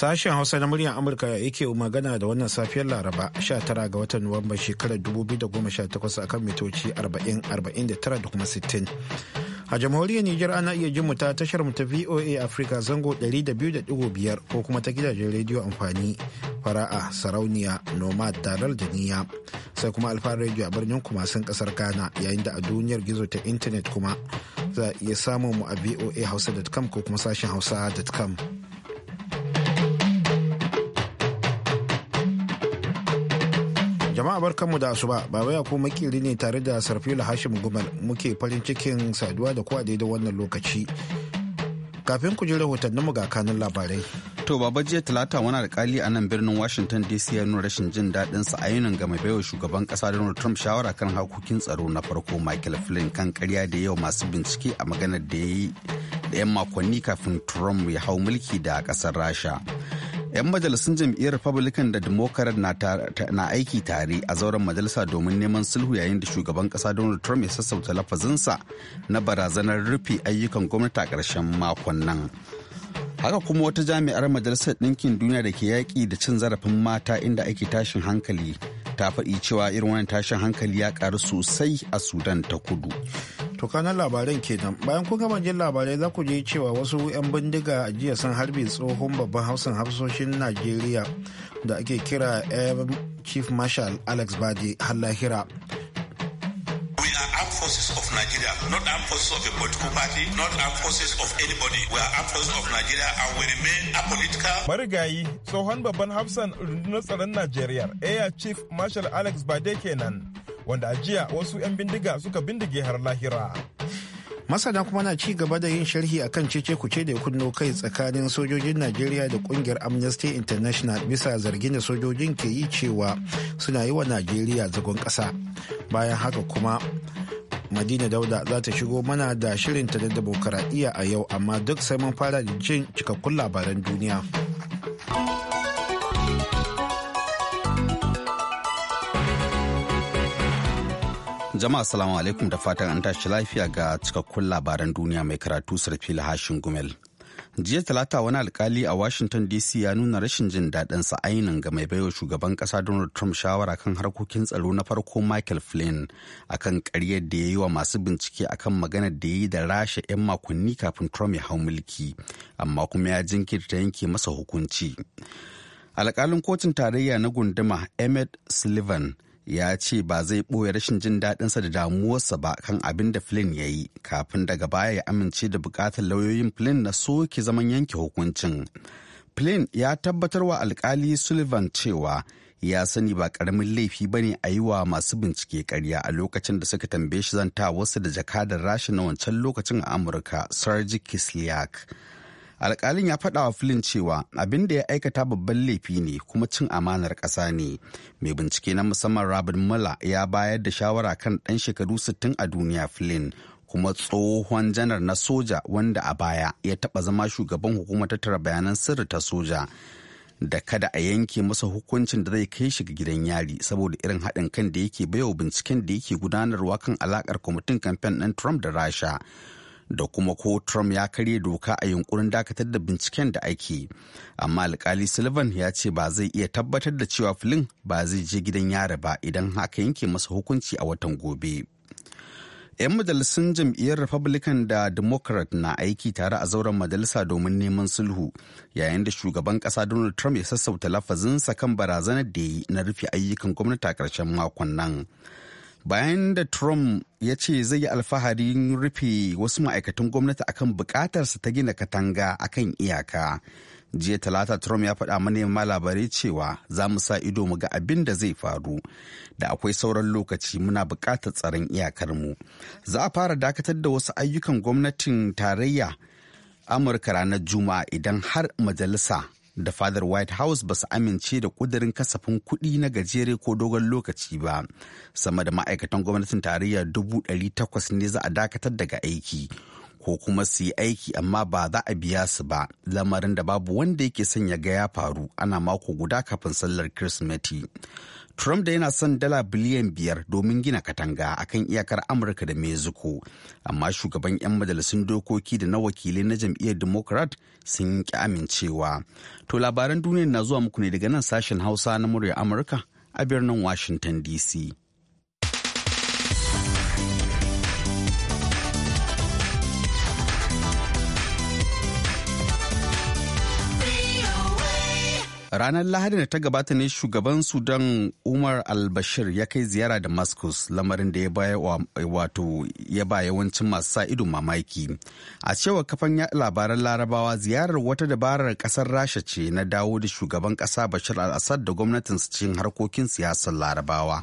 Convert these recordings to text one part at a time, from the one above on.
Sashen Hausa na muryar Amurka yake magana da wannan safiyar Laraba 19 ga watan Nuwamba shekarar 2018 kan mitoci 40-49 da kuma 60. A jamhuriyar Nijar ana iya jin ta tashar mu ta VOA Africa zango 200.5 ko kuma ta gidajen rediyo amfani fara'a sarauniya nomad dalal da niya sai kuma alfa rediyo a birnin kumasin kasar Ghana yayin da a duniyar gizo ta intanet kuma za a iya samun mu a voa hausa.com ko kuma sashen hausa.com. Jama'a barkanmu da asuba, baba ya ko makiri ne tare da Sarfila Hashim Gumal muke farin cikin saduwa da kuwa daidai wannan lokaci. Kafin ku ji mu ga kanun labarai. To baba jiya talata wani alkali a nan birnin Washington DC ya nuna rashin jin daɗin sa ayunan game baiwa shugaban ƙasa Donald Trump shawara kan harkokin tsaro na farko Michael Flynn kan karya da yau masu bincike a maganar da ya yi da 'yan makonni kafin Trump ya hau mulki da ƙasar Rasha. 'yan majalisun jam'iyyar republican da democrat na aiki tare a zauren majalisa domin neman sulhu yayin da shugaban kasa donald trump ya sassauta lafazinsa na barazanar rufe ayyukan gwamnati a ƙarshen makon nan haka kuma wata jami'ar majalisar ɗinkin duniya da ke yaƙi da cin zarafin mata inda ake tashin hankali ta faɗi cewa irin wannan tashin hankali ya ƙaru sosai a sudan ta kudu To kanan labaran kenan bayan kun gama jin labarai za ku je cewa wasu 'yan bindiga a jiya sun harbe tsohon babban hafsan hafsoshin Najeriya da ake kira air Chief Marshal Alex Bade har lahira. armed forces of Nigeria, not armed forces of a political party, not armed forces of anybody. We are armed forces of Nigeria and we remain apolitical. Marigayi, tsohon babban hafsan rundunar tsaron Najeriya, Air Chief Marshal Alex Bade kenan. wanda a jiya wasu 'yan bindiga suka bindige har lahira masana kuma na ci gaba da yin sharhi akan cece kuce da kunno kai tsakanin sojojin najeriya da kungiyar amnesty international bisa zargin da sojojin ke yi cewa suna yi wa najeriya zagon kasa bayan haka kuma madina dauda za ta shigo mana da shirinta na demokaradiyya a yau amma duk sai mun fara da jin cikakkun labaran duniya. Jama'a salamu alaikum da fatan an tashi lafiya ga cikakkun labaran duniya mai karatu sarfila hashin gumel. Jiya talata wani alkali a Washington DC ya nuna rashin jin daɗin sa ainin ga mai baiwa shugaban ƙasa Donald Trump shawara kan harkokin tsaro na farko Michael Flynn akan ƙaryar da ya yi wa masu bincike akan maganar da ya yi da rasha 'yan makonni kafin Trump ya hau mulki, amma kuma ya jinkirta yanke masa hukunci. Alkalin kotun tarayya na gunduma Emmett Sullivan ya ce ba zai ɓoye rashin jin daɗinsa da damuwarsa ba kan abin da Flynn ya yi kafin daga baya ya amince da buƙatar lauyoyin Flynn na soke zaman yanke hukuncin. Flynn ya tabbatar wa alkali Sullivan cewa ya sani ba ƙaramin laifi ba ne a yi wa masu bincike karya a lokacin da suka tambaye shi zanta wasu da jakadar rasha na wancan lokacin a Amurka, Sergey Kislyak. alkalin ya faɗa wa filin cewa abin da ya aikata babban laifi ne kuma cin amanar ƙasa ne mai bincike na musamman rabin mula ya bayar da shawara kan ɗan shekaru 60 a duniya filin kuma tsohon janar na soja wanda a baya ya taɓa zama shugaban hukumar tattara bayanan sirri ta soja da kada a yanke masa hukuncin da zai kai shi ga gidan yari saboda irin haɗin kan da yake baiwa binciken da yake gudanarwa kan alakar kwamitin kamfen ɗin trump da rasha da kuma ko Trump ya karye doka a yunkurin dakatar da binciken da ake. Amma alkali Sullivan ya ce ba zai iya tabbatar da cewa filin ba zai je gidan yari ba idan haka yanke masa hukunci a watan gobe. 'Yan majalisun jam'iyyar Republican da Democrat na aiki tare a zauren majalisa domin neman sulhu yayin da shugaban kasa Donald Trump ya sassauta lafazinsa kan barazanar da ya yi na rufe ayyukan gwamnati a karshen makon nan. bayan da trump ya ce zai yi alfaharin rufe wasu ma'aikatan gwamnati akan bukatarsa ta gina katanga akan iyaka jiya talata trump ya faɗa ma labarai cewa za mu sa ido mu ga abin da zai faru da akwai sauran lokaci muna buƙatar tsaron iyakarmu za a fara dakatar da wasu ayyukan gwamnatin tarayya amurka ranar juma'a idan har majalisa da fadar white house ba su amince da kudirin kasafin kuɗi na gajere ko dogon lokaci ba sama da ma'aikatan gwamnatin tarayya dubu ɗari takwas ne za a dakatar daga aiki ko kuma su yi aiki amma ba za a biya su ba lamarin da babu wanda yake son ya ga ya faru ana mako guda kafin sallar kirsimeti Trump da yana son dala biliyan biyar domin gina katanga a kan iyakar Amurka da Mexico, amma shugaban 'yan majalisun dokoki da na wakilai na jam'iyyar Democrat sun ki amincewa. To labaran duniya na zuwa muku ne daga nan sashen Hausa na murya Amurka a birnin Washington DC. Ranar Lahadi da ta gabata ne shugaban Sudan Umar al-Bashir ya kai ziyara Damascus lamarin da ya baya wato ya ba yawancin masu sa ido mamaki. A cewa kafan ya labaran larabawa ziyarar wata dabarar kasar Rasha ce na dawo da shugaban kasa Bashir al-Assad da gwamnatin cikin harkokin siyasar larabawa.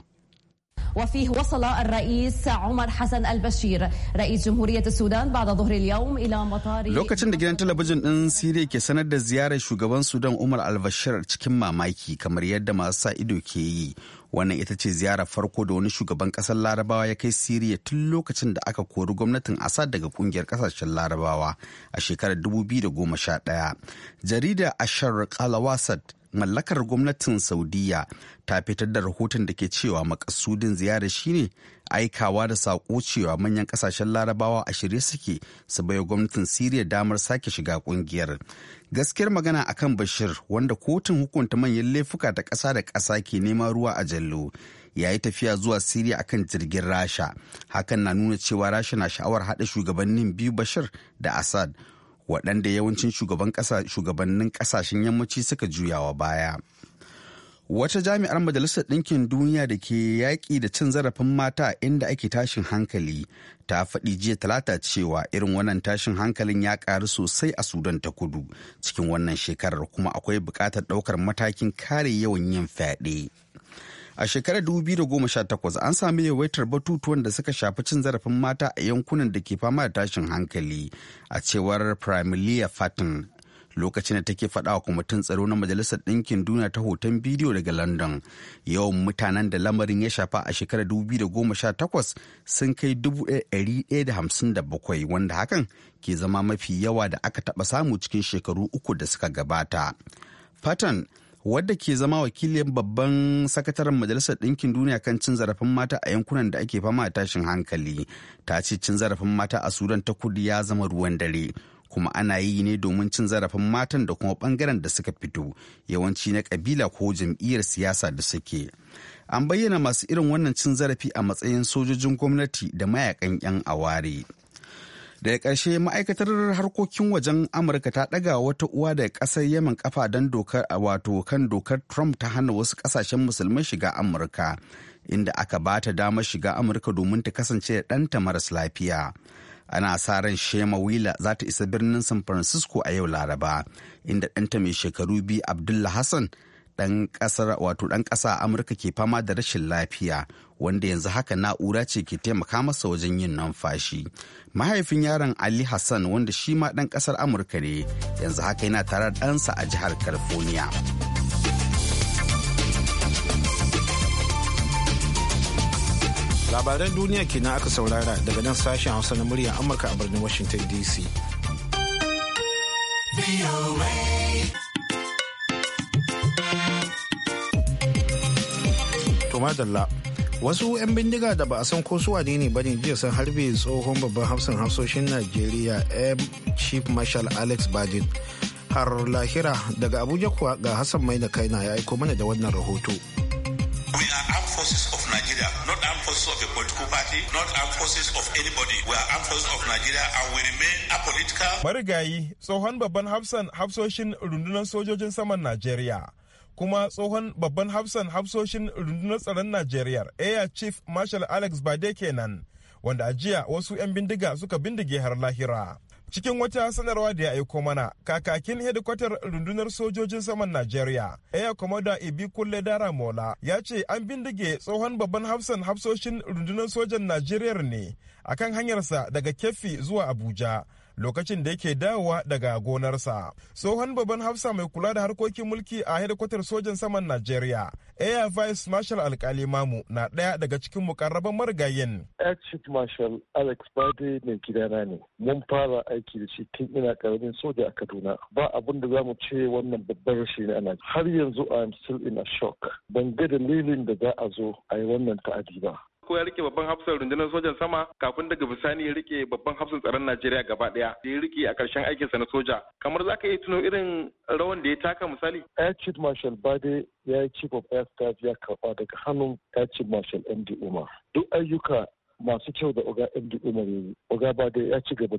وفيه وصل الرئيس عمر حسن البشير رئيس جمهورية السودان بعد ظهر اليوم إلى مطار لوكacin da gidan talabijin ɗin Siriya ke sanar da ziyarar shugaban Sudan Umar al cikin mamaki kamar yadda masu sa ido ke yi wannan ita ce ziyarar farko da wani shugaban kasar larabawa ya kai siriya tun lokacin da aka kori gwamnatin assad daga ƙungiyar ƙasashen larabawa a shekarar dubu biyu da goma sha 2011 jaridar ashar kalawasat mallakar gwamnatin saudiya ta fitar da rahoton da ke cewa makasudin ziyarar shine aikawa da saƙo cewa manyan kasashen larabawa a shirye suke su baiwa gwamnatin siriya damar sake shiga kungiyar. gaskiyar magana akan bashir wanda kotun hukunta manyan laifuka ta ƙasa da ƙasa ke nema ruwa a jallo ya yi tafiya zuwa siriya akan jirgin rasha hakan na nuna cewa rasha na sha'awar haɗa shugabannin biyu bashir da assad waɗanda yawancin shugabannin ƙasashen yammaci suka juyawa baya. Wata jami'ar Majalisar Ɗinkin Duniya da ke yaƙi da cin zarafin mata inda ake tashin hankali ta faɗi jiya talata cewa irin wannan tashin hankalin ya ƙaru sosai a Sudan ta kudu cikin wannan shekarar kuma akwai buƙatar ɗaukar matakin kare yawan yin fyaɗe. A shekarar 2018 an sami yawaitar batutuwan da suka shafi cin zarafin mata a yankunan da ke fama da tashin hankali a cewar Primalia Fatin lokacin da take faɗa wa kwamitin tsaro na majalisar ɗinkin duniya ta hoton bidiyo daga london yawan mutanen da lamarin ya shafa a shekarar 2018 sun kai 1,157 wanda hakan ke zama mafi yawa da aka taɓa samu cikin shekaru uku da suka gabata fatan wadda ke zama wakilin babban sakataren majalisar ɗinkin duniya kan cin zarafin mata a yankunan da ake fama da tashin hankali ta ce cin zarafin mata a sudan ta kudu ya zama ruwan dare kuma ana yi ne domin cin zarafin matan da kuma bangaren da suka fito yawanci na kabila ko jam'iyyar siyasa da suke an bayyana masu irin wannan cin zarafi a matsayin sojojin gwamnati da mayakan 'yan aware. daga ƙarshe ma'aikatar harkokin wajen amurka ta ɗaga wata uwa daga ƙasar yemen kafa don dokar wato kan dokar trump ta hana wasu ƙasashen musulmai shiga amurka inda aka ba ta damar shiga amurka domin ta kasance da ɗanta maras lafiya ana sa ran shema wila za ta isa birnin san francisco a yau laraba inda ɗanta mai shekaru biyu abdullah hassan ɗan ƙasar wato ɗan ƙasa amurka ke fama da rashin lafiya wanda yanzu haka na'ura ce ke taimaka masa wajen yin numfashi mahaifin yaron ali hassan wanda shi ma ɗan ƙasar amurka ne yanzu haka yana tare da ɗansa a jihar california labaran duniya kenan aka saurara daga nan sashen hausa na muryar amurka a birnin washington dc madalla wasu 'yan bindiga da ba a san ko su wane ne bane jiya sun harbe tsohon babban hafsan hafsoshin najeriya m chief marshal alex badin har lahira daga abuja kuwa ga hassan mai da kaina ya aiko mana da wannan rahoto We Marigayi, tsohon babban hafsan hafsoshin rundunar sojojin saman Najeriya, kuma tsohon babban hafsan hafsoshin rundunar tsaron najeriya air chief marshal alex bade kenan wanda a jiya wasu 'yan bindiga suka bindige har lahira cikin wata sanarwa da ya aiko mana kakakin hedikwatar rundunar sojojin saman najeriya air Commodore ibi kulle dara mola ya ce an bindige tsohon babban hafsan hafsoshin rundunar sojan najeriya ne akan hanyarsa daga kefi zuwa abuja lokacin da yake dawowa daga gonarsa. Tsohon babban hafsa mai kula da harkokin mulki a hedikwatar sojan saman Najeriya, Air Vice Marshal Alkali Mamu na ɗaya daga cikin mukarraban marigayin. Air Chief Marshal Alex Bade mai gidana ne. Mun fara aiki da shi tun ina karamin soja a Kaduna. Ba abin da za mu ce wannan babban rashi ne ana. Har yanzu I am still in a shock. Ban ga dalilin da za a zo a yi wannan ta'adi ba. ko ya rike babban hafsan rundunar sojan sama kafin daga bisani ya rike babban hafsan tsaron Najeriya gaba daya da ya rike a karshen aikinsa na soja kamar za ka iya tuno irin rawan da ya taka misali Air Chief Marshal Bade ya yi Chief of Air Staff ya karba daga hannun Air Chief Marshal MD Umar duk ayyuka masu kyau da oga md umar yi oga ba da ya ci gaba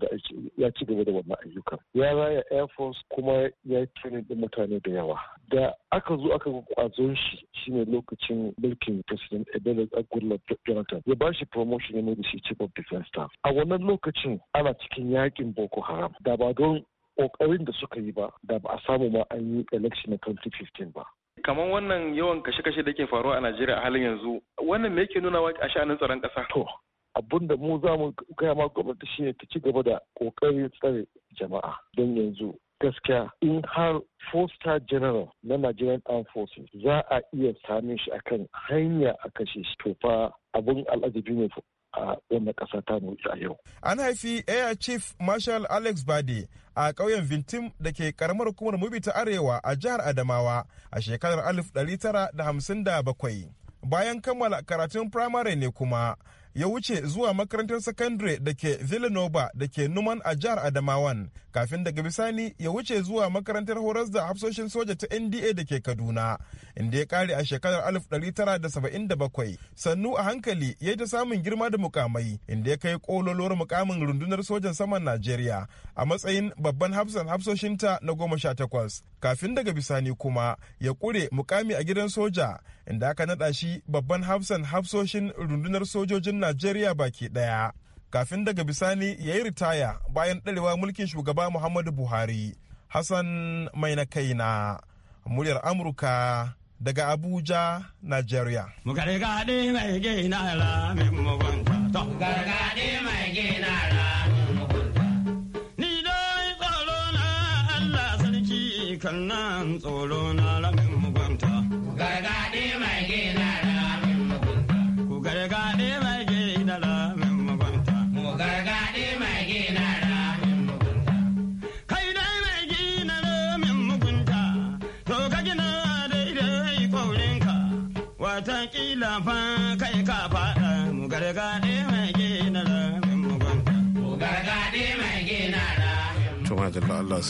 da wannan ayyukan ya raya air force kuma ya training din mutane da yawa da aka zo aka ga kwazon shi shine lokacin mulkin president ebele agulla jonathan ya bashi promotion ya mai shi chief of defense staff a wannan lokacin ana cikin yakin boko haram da ba don kokarin da suka yi ba da ba a samu ma an yi election na 2015 ba kamar wannan yawan kashe-kashe da ke faruwa a Najeriya a halin yanzu wannan me yake nuna a sha'anin tsaron ƙasa? To, abin da mu za mu gaya ma gwamnati shine ta ci gaba da kokarin tsare jama'a don yanzu gaskiya in har foster general na nigerian armed forces za a iya same shi akan hanya a kashe shi to fa abin al'ajabi ne a wannan ƙasa ta mu a yau. An haifi Air Chief Marshal Alex Bade a ƙauyen Vintim da ke karamar hukumar Mubi ta Arewa a jihar Adamawa a shekarar 1957. Bayan kammala karatun firamare ne kuma ya wuce zuwa makarantar sakandare da ke villanova da ke numan a jihar adamawan kafin daga bisani ya wuce zuwa makarantar horas da hafsoshin soja ta nda da ke kaduna inda ya kare a shekarar 1977 sannu a hankali ya yi ta samun girma da mukamai inda ya kai kololowar mukamin rundunar sojan saman najeriya a matsayin babban hafsan hafsoshinta na goma sha takwas kafin daga bisani kuma ya kure mukami a gidan soja inda aka naɗa shi babban hafsan hafsoshin rundunar sojojin najeriya baki ɗaya kafin daga bisani ya yi ritaya bayan ɗarewa mulkin shugaba muhammadu buhari hassan mai na kaina muryar amurka daga abuja najeriya mai gina ra mai mai gina ra. sannan tsoro na ramin mugunta. Gargaɗe mai gina mugunta. Ku gargaɗe mai gina mugunta. Mu gargaɗe mai gina mugunta. Kai dai mai gina ramin mugunta, to ka gina daidai ƙaurinka, watakila fa kai ka faɗa mu gargaɗe mai gina mugunta. Mu gargaɗe mai gina mugunta. Allah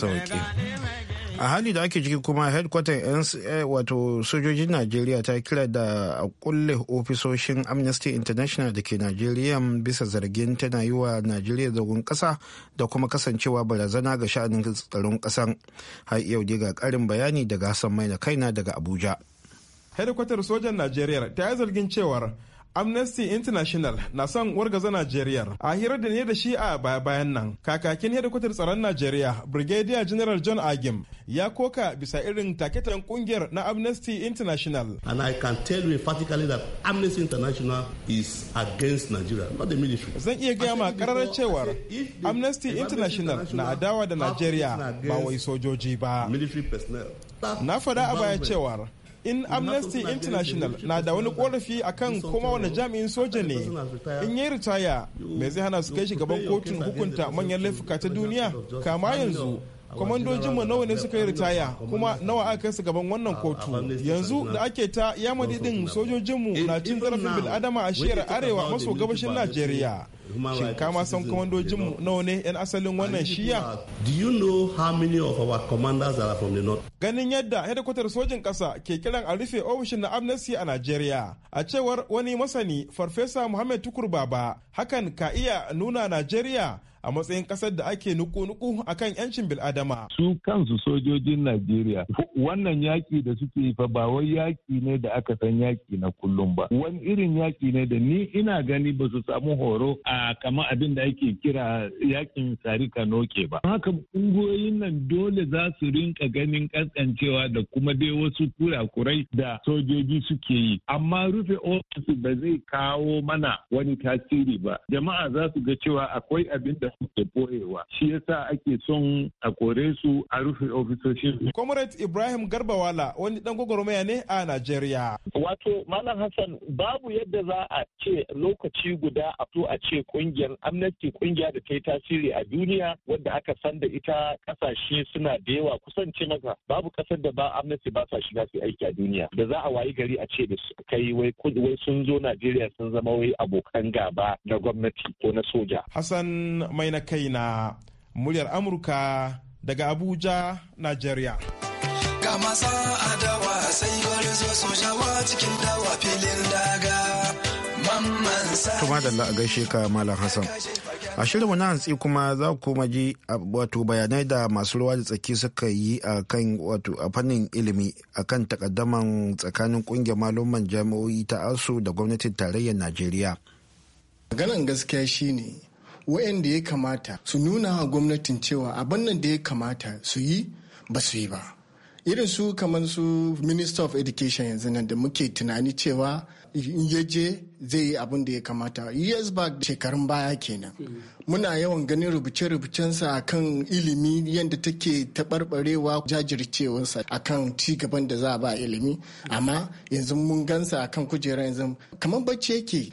a hali da ake ciki kuma headquarter eh, wato sojojin najeriya ta kira da a kulle ofisoshin amnesty international da ke najeriya bisa zargin tana yi wa najeriya zagon kasa da kuma kasancewa barazana ga sha'anin tsaron kasan har yau dai ga karin bayani daga hassan mai na kaina daga abuja hedikwatar sojan najeriya ta yi zargin cewar amnesty international na son wargaza najeriya a hirar da ne da shi a baya bayan nan kakakin hedikwatar tsaron najeriya brigadier general john agim ya koka bisa irin taketan kungiyar na amnesty international and i can tell you emphatically that amnesty international is against nigeria not the military zan iya gaya ma karar cewar amnesty international na adawa da najeriya ba wai sojoji ba na faɗa a baya cewar in amnesty international na da wani korafi akan kuma wani jami'in soja ne in yi ritaya mai zai hana su kai shi gaban kotun hukunta manyan laifuka ta duniya kama yanzu kwamandojinmu nawa ne suka yi ritaya kuma nawa aka kai su gaban wannan kotu yanzu da ake ta yamadidin sojojinmu na cin zarafin bil'adama a shiyar arewa maso gabashin najeriya shin kama san mu nawa ne 'yan asalin wannan shiya do you know how many of our commanders are from the north ganin yadda hedikwatar sojin kasa ke kiran a rufe ofishin na amnesty a Nigeria a cewar wani masani farfesa muhammad tukur baba hakan ka iya nuna Nigeria. a matsayin kasar da ake nuku-nuku a kan 'yancin bil'adama. Su kansu sojojin Najeriya wannan yaƙi da suke fa ba wai yaƙi ne da aka san yaƙi na kullum ba. Wani irin yaƙi ne da ni ina gani ba su samu horo a kama abin da ake kira yaƙin sarika noke ba. Haka ƙungiyoyin nan dole za su rinka ganin ƙasƙancewa da kuma dai wasu kurakurai da sojoji suke yi. Amma rufe ofis ba zai kawo mana wani tasiri ba. Jama'a za su ga cewa akwai abin da ke boyewa shi yasa ake son a kore su a rufe ofisoshin comrade ibrahim garbawala wani dan gwagwarmaya ne a najeriya wato malam hassan babu yadda za a ce lokaci guda a to a ce kungiyar amnesty kungiya da ta yi tasiri a duniya wadda aka san da ita kasashe suna da yawa kusan ce maka babu kasar da ba amnesty ba sa shiga su aiki a duniya da za a wayi gari a ce da su kai wai sun zo najeriya sun zama wai abokan gaba na gwamnati ko na soja hassan mai na kai na muryar amurka daga abuja nigeria kuma da Allah a gaishe ka Malam Hassan. A shirin na hantsi kuma za ku kuma ji wato bayanai da masu ruwa da tsaki suka yi a kan wato a fannin ilimi a kan takaddaman tsakanin kungiyar malaman jami'o'i ta ASU da gwamnatin tarayyar Najeriya. Maganan gaskiya shine waɗanda ya kamata su nuna wa gwamnatin cewa abin nan da ya kamata su yi ba su yi ba irin su kamar su minister of education yanzu nan da muke tunani cewa in ya zai yi abin da ya kamata years back shekarun baya kenan muna yawan ganin rubuce-rubucensa akan ilimi yadda take taɓarɓarewa jajircewarsa akan ci gaban da za a ba ilimi amma yanzu mun gansa akan kujera yanzu kamar bacci yake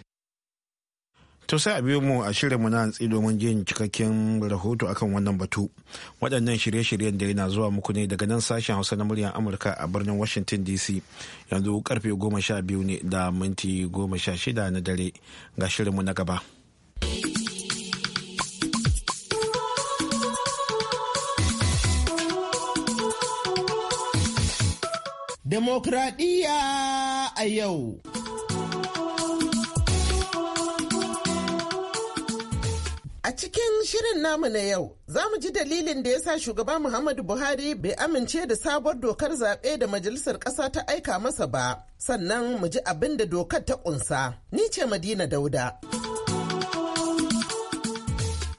To sai a biyo mu a shirinmu na hantsi domin jin cikakken rahoto akan wannan batu. Waɗannan shirye-shiryen da yana zuwa muku ne daga nan sashen Hausa na muryar Amurka a birnin Washington DC. Yanzu karfe goma sha biyu ne da minti goma sha shida na dare ga shirinmu na gaba. Demokradiyya a yau. cikin shirin namu na yau, za mu ji dalilin da ya sa shugaba Muhammadu Buhari bai amince da sabuwar dokar zaɓe da majalisar ƙasa ta aika masa ba, sannan mu ji abin da dokar ta ƙunsa. Ni ce Madina Dauda.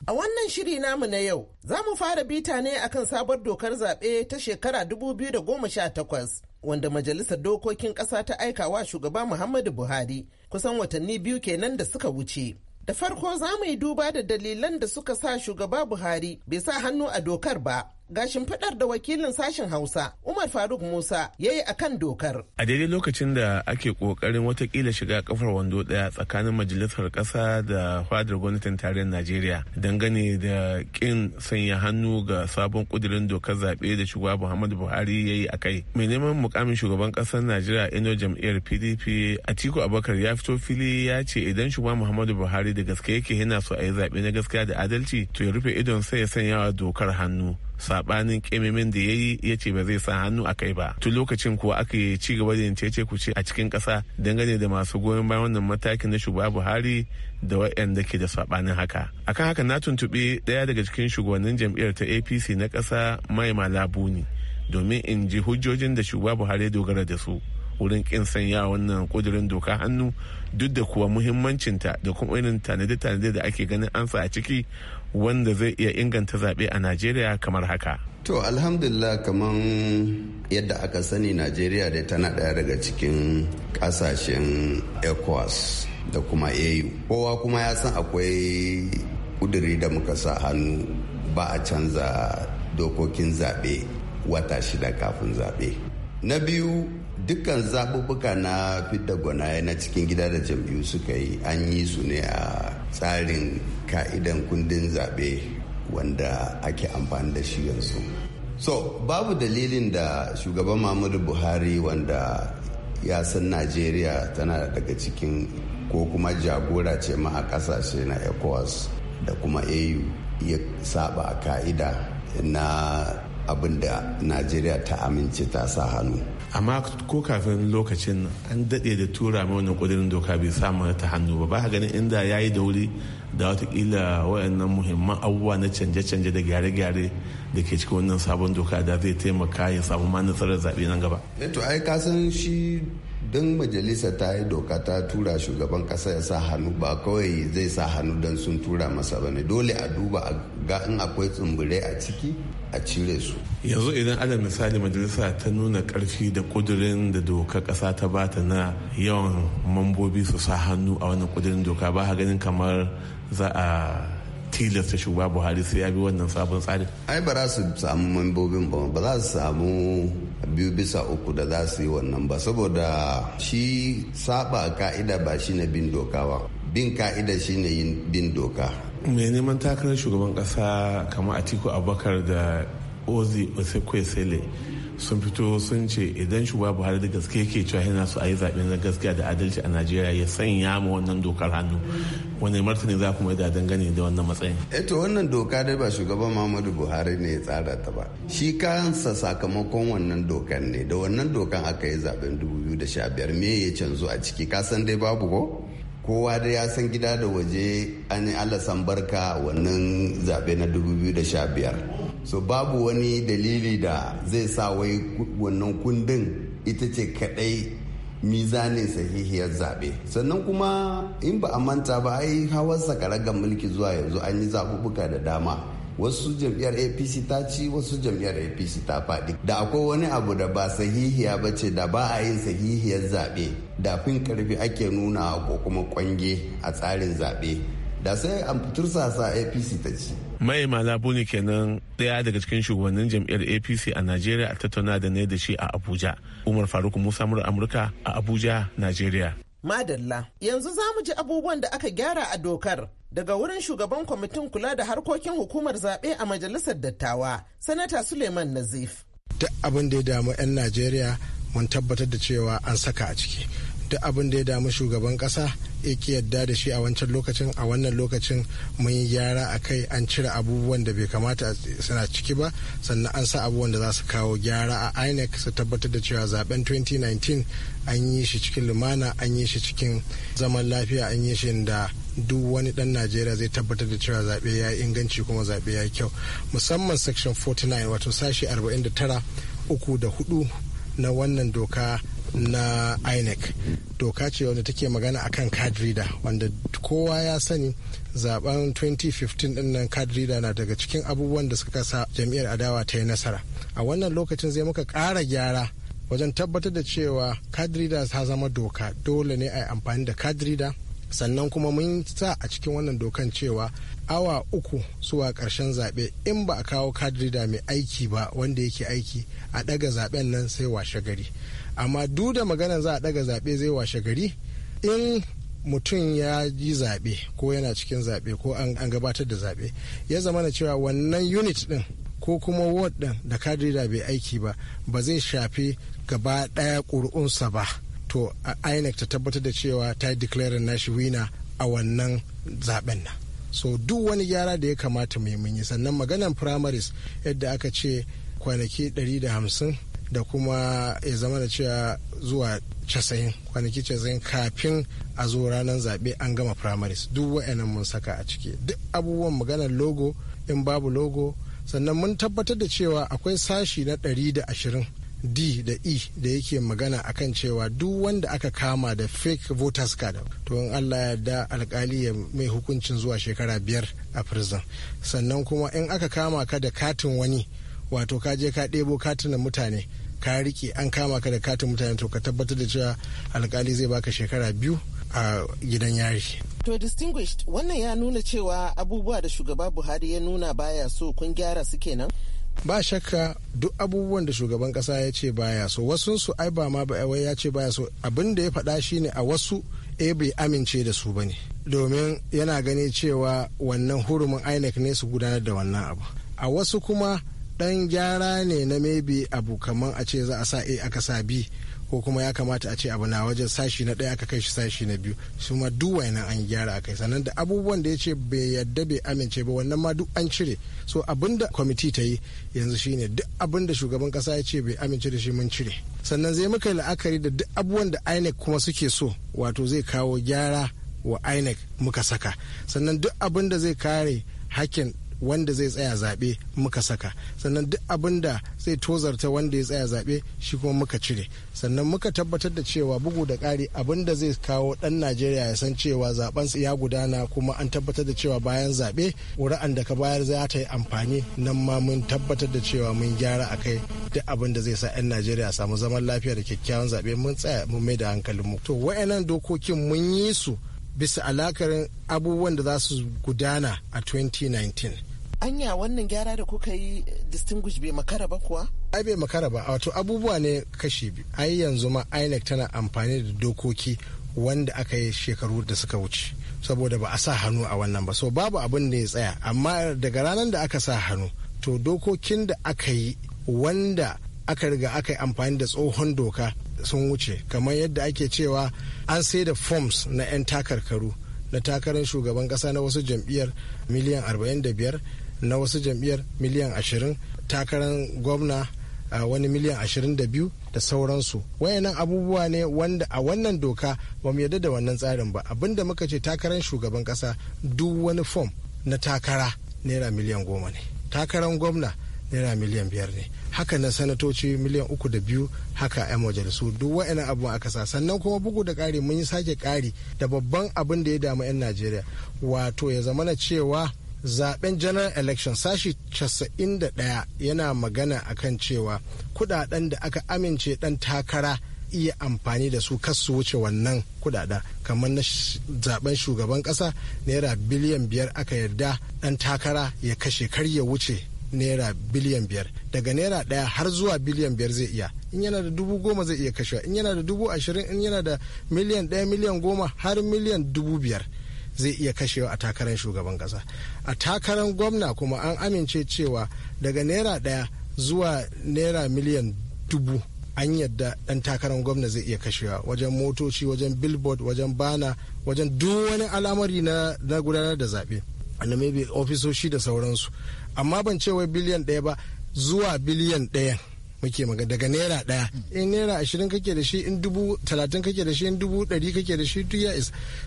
A wannan shiri namu na yau, za mu fara bita ne akan sabuwar dokar zaɓe ta shekara 2018, wanda Majalisar Dokokin Ƙasa ta aika wa shugaba Muhammadu Buhari kusan watanni biyu kenan da suka wuce. Da farko za mu yi duba da dalilan da suka sa shugaba Buhari bai sa hannu a dokar ba. Gashin shimfiɗar da wakilin sashen hausa umar faruk musa ya yi akan dokar a daidai lokacin da ake ƙoƙarin watakila shiga kafar wando ɗaya tsakanin majalisar ƙasa da fadar gwamnatin tarayyar najeriya dangane da ƙin sanya hannu ga sabon ƙudurin dokar zaɓe da shugaba muhammadu buhari ya yi a kai mai neman mukamin shugaban ƙasar najeriya ino jam'iyyar pdp atiku abubakar ya fito fili ya ce idan shugaba muhammadu buhari da gaske yake yana so a yi zaɓe na gaskiya da adalci to ya rufe idon sai ya sanya wa dokar hannu sabanin kemimin da ya yi ya ce ba zai sa hannu a kai ba tun lokacin kuwa aka yi ci gaba da yancece ku ce a cikin kasa dangane da masu goyon bayan wannan matakin na shugaba buhari da waɗanda ke da sabanin haka akan haka na tuntuɓi ɗaya daga cikin shugabannin jam'iyyar ta apc na ƙasa mai malabuni domin in ji hujjojin da shugaba buhari dogara da su wurin kin sanya wannan kudirin doka hannu duk da kuwa muhimmancinta da kuma irin tanade tanadi da ake ganin an sa a ciki wanda zai iya inganta zaɓe a najeriya kamar haka to alhamdulillah kamar yadda aka sani najeriya da tana ɗaya daga cikin ƙasashen ecowas da kuma au kowa kuma ya san akwai kuduri da muka sa hannu ba a canza dokokin zaɓe wata shida kafin zaɓe na biyu dukkan zaɓuɓɓuka na fidda gwanaye na cikin gida da jam'iyyu suka yi an yi su ne a tsarin ka'idan kundin zaɓe wanda ake amfani da shi yanzu so babu dalilin da shugaban muhammadu buhari wanda ya san najeriya tana daga cikin ko kuma jagora ce ma a ƙasashe na ecowas da kuma au ya saba a ka'ida na abin da najeriya ta amince ta sa hannu amma ko kafin lokacin an daɗe da tura mai wani ƙudurin doka bai samu ta hannu ba ba ganin inda ya yi da wuri da watakila waɗannan muhimman abubuwa na canje-canje da gyare-gyare da ke cikin wannan sabon doka da zai taimaka ya samu ma nasarar zaɓe nan gaba. Eh to ai kasan shi don majalisa ta yi doka ta tura shugaban kasa ya sa hannu ba kawai zai sa hannu don sun tura masa bane dole a duba ga in akwai tsumbure a ciki a cire su yanzu idan alal misali majalisa ta nuna karfi da kudirin da doka kasa ta bata na yawan mambobi su sa hannu a wannan kudirin doka ba ganin kamar za a tilasta shugaba buhari sai ya bi wannan sabon tsarin ai ba za su samu mambobin ba ba za su samu biyu bisa uku da za su yi wannan ba saboda shi saba ka'ida ba shi ne bin doka ba bin ka'ida shi yin bin doka mai neman takarar shugaban kasa kamar atiku abubakar da ozi sele sun fito sun ce idan shugaba buhari da gaske ke cewa yana su a yi zaɓen na gaskiya da adalci a najeriya ya sanya ma wannan dokar hannu wani martani za kuma da dangane da wannan matsayin eto eh wannan doka dai ba shugaban muhammadu buhari ne ya tsara ta ba shi kansa sakamakon wannan dokan ne da wannan dokan aka yi zaɓen 2015 me ya canzo a ciki ka san dai babu ko kowa da ya san gida da waje an yi alasan barka wannan zaɓe na 2015 so babu wani dalili da zai sa wai wannan kundin ita ce kadai mizanin sahihiyar zaɓe sannan kuma in ba a manta ba ai hawan ga mulki zuwa yanzu an yi zaɓuɓɓuka da dama wasu jam'iyyar apc ta ci wasu jam'iyyar apc ta faɗi da akwai wani abu da ba sahihiya ba ce da ba a yin sahihiyar zaɓe da fin karfi ake nuna ko kuma kwange a tsarin zaɓe da sai an tursasa apc ta ci mai ne kenan daya daga cikin shugabannin jam'iyyar apc a najeriya a tattauna da ne da shi a abuja umar faruk musa mura amurka a abuja najeriya madalla yanzu za mu ji abubuwan da aka gyara a dokar daga wurin shugaban kwamitin kula da harkokin hukumar zaɓe a majalisar dattawa sanata suleiman nazif duk abin da ya damu 'yan najeriya mun tabbatar da cewa an saka a ciki duk abin da ya damu shugaban kasa ya ki yadda da shi a wancan lokacin a wannan lokacin mun yi gyara a kai an cire abubuwan da bai kamata suna ciki ba sannan an sa abubuwan da za su kawo gyara a inec su tabbatar da cewa zaben 2019 an yi shi cikin lumana an yi shi cikin zaman lafiya an yi shi da duk wani dan najeriya zai tabbatar da cewa zaɓe ya yi inganci kuma zaɓe ya yi kyau musamman section 49 wato sashi 49 uku da hudu na wannan doka na inec doka ce wanda take magana akan card reader wanda kowa ya sani zaben 2015 din nan card reader na daga cikin abubuwan da suka sa jam'iyyar adawa ta yi nasara a wannan lokacin zai muka ƙara gyara wajen tabbatar da cewa card reader ta zama doka dole ne a yi amfani da card reader sannan kuma mun sa a cikin wannan dokan cewa awa uku zuwa karshen zaɓe in ba a kawo kadrida mai aiki ba wanda yake aiki a ɗaga zaɓen nan sai washe gari amma duk da magana za a ɗaga zaɓe zai washe gari in mutum ya ji zaɓe ko yana cikin zaɓe ko an gabatar da zaɓe ya zama na cewa wannan unit ɗin ko kuma ward ɗin da kadida bai aiki ba ba zai shafi gaba ɗaya ƙuri'unsa ba to inec ta tabbatar da cewa ta declare nashi wina a wannan zaɓen nan so duk wani gyara da ya kamata mai munyi sannan maganan primaries yadda aka ce kwanaki 150 da kuma ya zama da cewa zuwa casa'in kwanaki casa'in kafin a zo ranar zaɓe an gama primaries duk wa'annan mun saka a ciki duk abubuwan maganar logo in babu logo sannan mun tabbatar da cewa akwai sashi na 120 d da e da yake magana akan cewa duk wanda aka kama da fake voters card to in allah ya da alkali ya mai hukuncin zuwa shekara biyar a prison sannan kuma in aka kama ka da katin wani wato ka je ka ɗebo katunan mutane ka rike an kama ka da katin mutane to ka tabbatar da cewa alkali zai baka shekara biyu a gidan yari. To distinguished wannan ya nuna cewa abubuwa da shugaba Buhari ya nuna baya so kun gyara su kenan? Ba shakka duk abubuwan da shugaban kasa ya ce baya so su ai ba ma wai ya ce baya so abin da ya faɗa shine a wasu e bai amince da su bane domin yana gani cewa wannan hurumin INEC ne su gudanar da wannan abu a wasu kuma dan gyara ne na maybe abu kaman a ce za a sa a aka sa bi ko kuma ya kamata a ce abu na wajen sashi na ɗaya aka kai shi sashi na biyu su ma duk an gyara a kai sannan da abubuwan da ya ce bai yadda bai amince ba wannan ma duk an cire so abin da kwamiti ta yi yanzu shine duk abin da shugaban kasa ya ce bai amince da shi mun cire sannan zai muka yi la'akari da duk abubuwan da inec kuma suke so wato zai kawo gyara wa inec muka saka sannan duk abin da zai kare hakkin wanda zai tsaya zaɓe muka saka sannan duk abin da zai tozarta wanda ya tsaya zaɓe shi kuma muka cire sannan muka tabbatar da cewa bugu da ƙari abin da zai kawo ɗan najeriya ya san cewa zaben ya gudana kuma an tabbatar da cewa bayan zaɓe ƙuri'an da ka bayar za ta yi amfani nan ma mun tabbatar da cewa mun gyara a kai duk abin da zai sa 'yan najeriya samu zaman lafiya da kyakkyawan zaɓe mun tsaya mun mai da hankalin mu to wa'annan dokokin mun yi su bisa alakarin abubuwan da za su gudana a 2019 anya wannan gyara da kuka yi eh, distinguish bai makara ba kuwa ai bai makara ba wato abubuwa ne kashi biyu ai yanzu ma inec tana amfani da dokoki wanda aka yi shekaru da suka wuce saboda ba a sa hannu a wannan ba so babu abin da ya tsaya amma daga ranar da aka sa hannu to dokokin da aka yi wanda aka riga aka yi amfani da tsohon doka sun wuce kamar yadda ake cewa an sai da forms na 'yan takarkaru na takarar shugaban kasa na wasu jam'iyyar miliyan 45 na wasu jam'iyyar miliyan ashirin takarar gwamna a wani miliyan ashirin da biyu da sauransu wayannan abubuwa ne wanda a wannan doka ba mu yarda da wannan tsarin ba abinda muka ce takarar shugaban kasa duk wani fom na takara naira miliyan goma ne takarar gwamna naira miliyan biyar ne haka na sanatoci miliyan uku da biyu haka 'yan majalisu duk wa'ina abu a kasa sannan kuma bugu da ƙari mun yi sake ƙari da babban abin da ya damu 'yan najeriya wato ya zamana cewa zaben general election sashi 91 yana magana akan cewa kudaden da aka amince dan takara iya amfani da su kasu wuce wannan kudada kamar na zaben shugaban kasa naira biliyan biyar aka yarda dan takara ya kashe kar ya wuce naira biliyan biyar daga naira daya har zuwa biliyan biyar zai iya in yana da dubu goma zai iya kashewa in yana da dubu ashirin in yana da miliyan daya miliyan goma har miliyan dubu biyar zai iya kashewa a takarar shugaban kasa a takarar gwamna kuma an amince cewa daga naira daya zuwa naira miliyan dubu an yadda dan takarar gwamna zai iya kashewa wajen motoci wajen billboard wajen bana wajen duk wani al'amari na, na gudanar da zaɓe na maybe ofisoshi da sauransu amma ban ce wai biliyan ɗaya ba zuwa biliyan ɗaya muke magana daga naira ɗaya in naira ashirin kake da shi in dubu talatin kake da shi in dubu ɗari kake da shi duk ya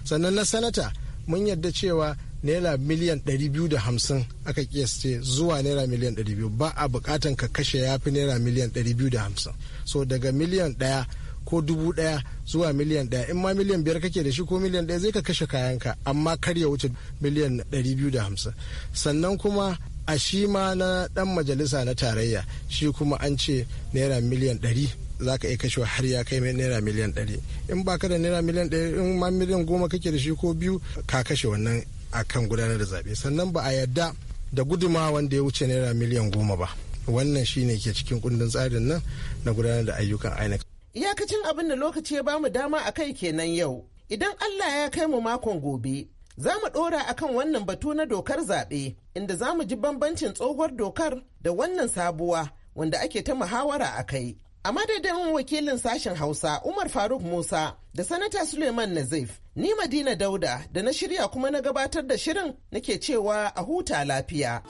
sannan na sanata mun yarda cewa naira miliyan 250 aka kiyasce zuwa naira miliyan 200 ba a bukatan ka kashe ya fi naira miliyan 250 so daga miliyan daya ko dubu daya zuwa miliyan daya in ma miliyan biyar kake da shi ko miliyan daya zai ka kashe kayanka amma kar ya wuce miliyan 250 sannan kuma a shi ma na dan majalisa na tarayya shi kuma an ce naira miliyan 100 za ka iya kashewa har ya kai mai naira miliyan ɗari in ba ka da naira miliyan ɗari in ma miliyan goma kake da shi ko biyu ka kashe wannan a kan gudanar da zaɓe sannan ba a yadda da guduma wanda ya wuce naira miliyan goma ba wannan shi ne ke cikin kundin tsarin nan na gudanar da ayyukan ainihin. iyakacin abin da lokaci ya bamu dama a kai kenan yau idan allah ya kai mu makon gobe za mu ɗora kan wannan batu na dokar zaɓe inda za mu ji bambancin tsohuwar dokar da wannan sabuwa wanda ake ta muhawara a kai A madadin wakilin sashen Hausa Umar Faruk Musa da Sanata Suleiman Nazif, ni Madina Dauda da na shirya kuma na gabatar da shirin nake cewa a huta lafiya.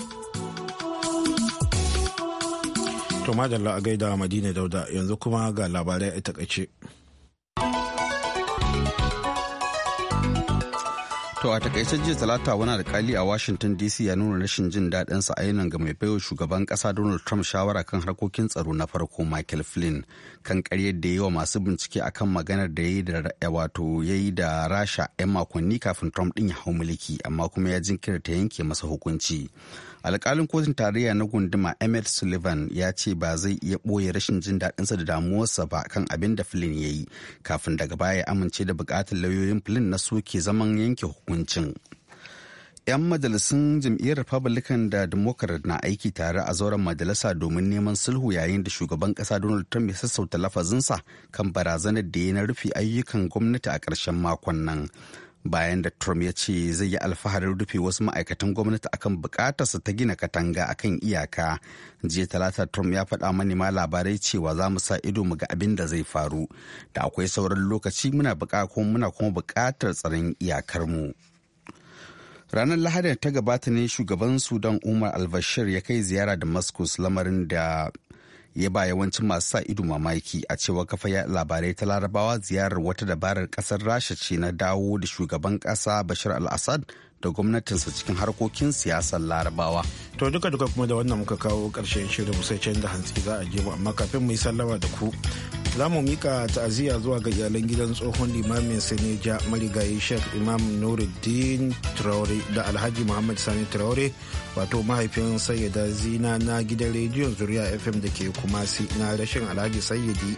To a gaida Madina Dauda yanzu kuma ga labarai a takaice. To a takaice jiya talata wani alkali a Washington DC ya nuna rashin jin daɗin sa ainihin ga mai baiwa shugaban ƙasa Donald Trump shawara kan harkokin tsaro na farko Michael Flynn kan karyar da yi wa masu bincike akan maganar da ya yi da eh, wato ya da Rasha 'yan makonni kafin Trump ɗin ya hau mulki amma kuma ya jinkirta yanke masa hukunci. alkalin kotun tarayya na gunduma emmett sullivan ya ce ba zai iya ɓoye rashin jin daɗinsa da damuwarsa ba kan abin da flynn ya yi kafin daga baya ya amince da buƙatar lauyoyin flynn na soke zaman yanke hukuncin 'yan majalisun jam'iyyar republican da democrat na aiki tare a zauren majalisa domin neman sulhu yayin da shugaban kasa donald trump ya sassauta lafazinsa kan barazanar da ya na rufe ayyukan gwamnati a karshen makon nan bayan da Trump ya ce zai yi alfaharin rufe wasu ma'aikatan gwamnati akan bukatar bukatarsa ta gina katanga akan iyaka. Jiya talata Trump ya faɗa manema labarai cewa za mu sa ido mu ga abin da zai faru. Da akwai sauran lokaci muna ko muna kuma bukatar tsaron iyakarmu. Ranar Lahadin ta gabata ne shugaban Sudan Umar albashir ya kai ziyara da maskus lamarin da ya ba yawancin masu sa ido mamaki a cewa kafa labarai ta larabawa ziyarar wata dabarar kasar rasha ce na dawo da shugaban kasa bashar al-assad da gwamnatinsa cikin harkokin siyasar larabawa. To duka duka kuma da wannan muka kawo ƙarshen shirin sai can da hantsi za a je mu amma kafin mu yi sallama da ku za mu mika ta'aziyya zuwa ga iyalan gidan tsohon limamin Sanija marigayi Sheikh Imam Nuruddin Traore da Alhaji Muhammad Sani Traore wato mahaifin Sayyida Zina na gidan rediyon Zuriya FM da ke Kumasi na rashin Alhaji Sayyidi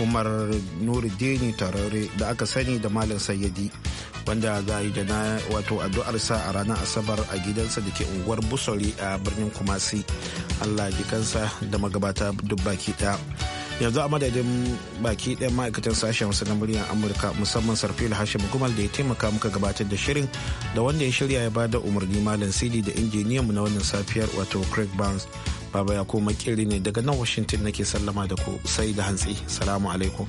Umar Nuruddin Traore da aka sani da Malam sayyadi. wanda za a yi da na wato addu'arsa a ranar asabar a gidansa da ke unguwar busori a birnin kumasi allah jikansa da magabata duk baki ɗaya yanzu a madadin baki ɗaya ma'aikatan sashen wasu na muryar amurka musamman sarfil hashim gumal da ya taimaka muka gabatar da shirin da wanda ya shirya ya ba da umarni malam sidi da injiniyan mu na wannan safiyar wato craig barnes baba ya koma ne daga nan washington nake sallama da ku sai da hantsi salamu alaikum